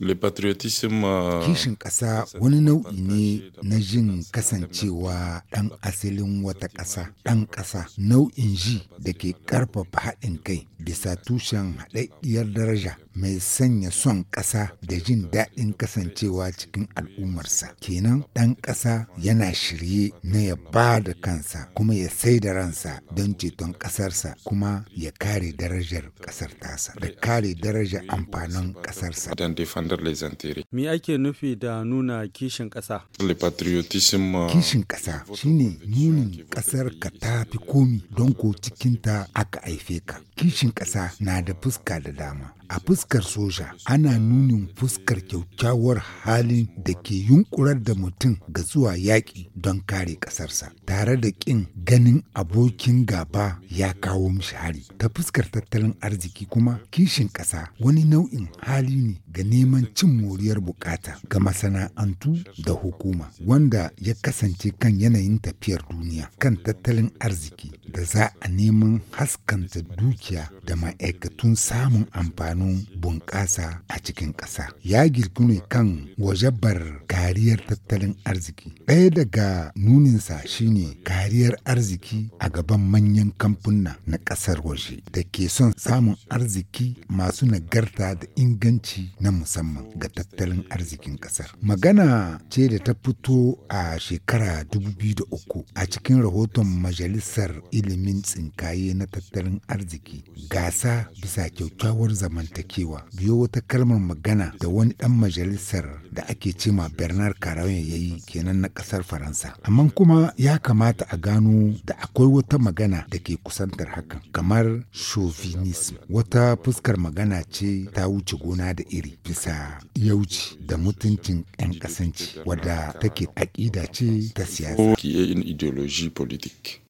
Kishin ƙasa wani nau'i ne na jin kasancewa ɗan asalin wata ƙasa, ɗan ƙasa nau'in ji da ke ƙarfafa haɗin kai bisa tushen haɗaɗɗiyar daraja mai sanya son ƙasa da jin daɗin kasancewa cikin al'ummarsa. Kenan ɗan ƙasa yana shirye na ya ba da kansa kuma ya sai da ransa don ceton ƙasarsa kuma ya kare darajar ƙasar tasa da kare darajar amfanin ƙasarsa. Darlezantiri. Me ake nufi da nuna kishin ƙasa? Kishin ƙasa shine nunin ƙasar ka ta fi komi don ko cikinta aka haife ka. Kishin ƙasa na da fuska da dama. a fuskar soja ana nunin fuskar kyaukyawar halin da ke yunkurar da mutum ga zuwa yaƙi don kare ƙasarsa tare da ƙin ganin abokin gaba ya kawo mishi hari ta fuskar tattalin arziki kuma kishin ƙasa wani nau'in hali ne ga neman cin moriyar bukata ga masana'antu da hukuma wanda ya kasance kan yanayin tafiyar duniya kan tattalin arziki da za a neman haskanta dukiya da ma'aikatun samun amfanin bunƙasa a cikin ƙasa. Ya girgune kan wajabar kariyar tattalin arziki. Ɗaya daga nuninsa shine kariyar arziki a gaban manyan kamfuna na ƙasar waje da ke son samun arziki masu nagarta da inganci na musamman ga tattalin arzikin ƙasar. Magana ce da ta fito a shekara 2003 a cikin rahoton Majalisar Ilimin Tsinkaye na Tattalin Arziki gasa bisa kyakkyawar zamantakewa biyo wata kalmar magana da wani dan majalisar da ake cema Bernard Carayon ya yi kenan na kasar Faransa. Amma kuma ya kamata a gano da akwai wata magana da ke kusantar hakan kamar chauvinism wata fuskar magana ce ta wuce gona da iri bisa yauci da mutuncin 'yan kasanci wadda take aƙida ce ta siyasa.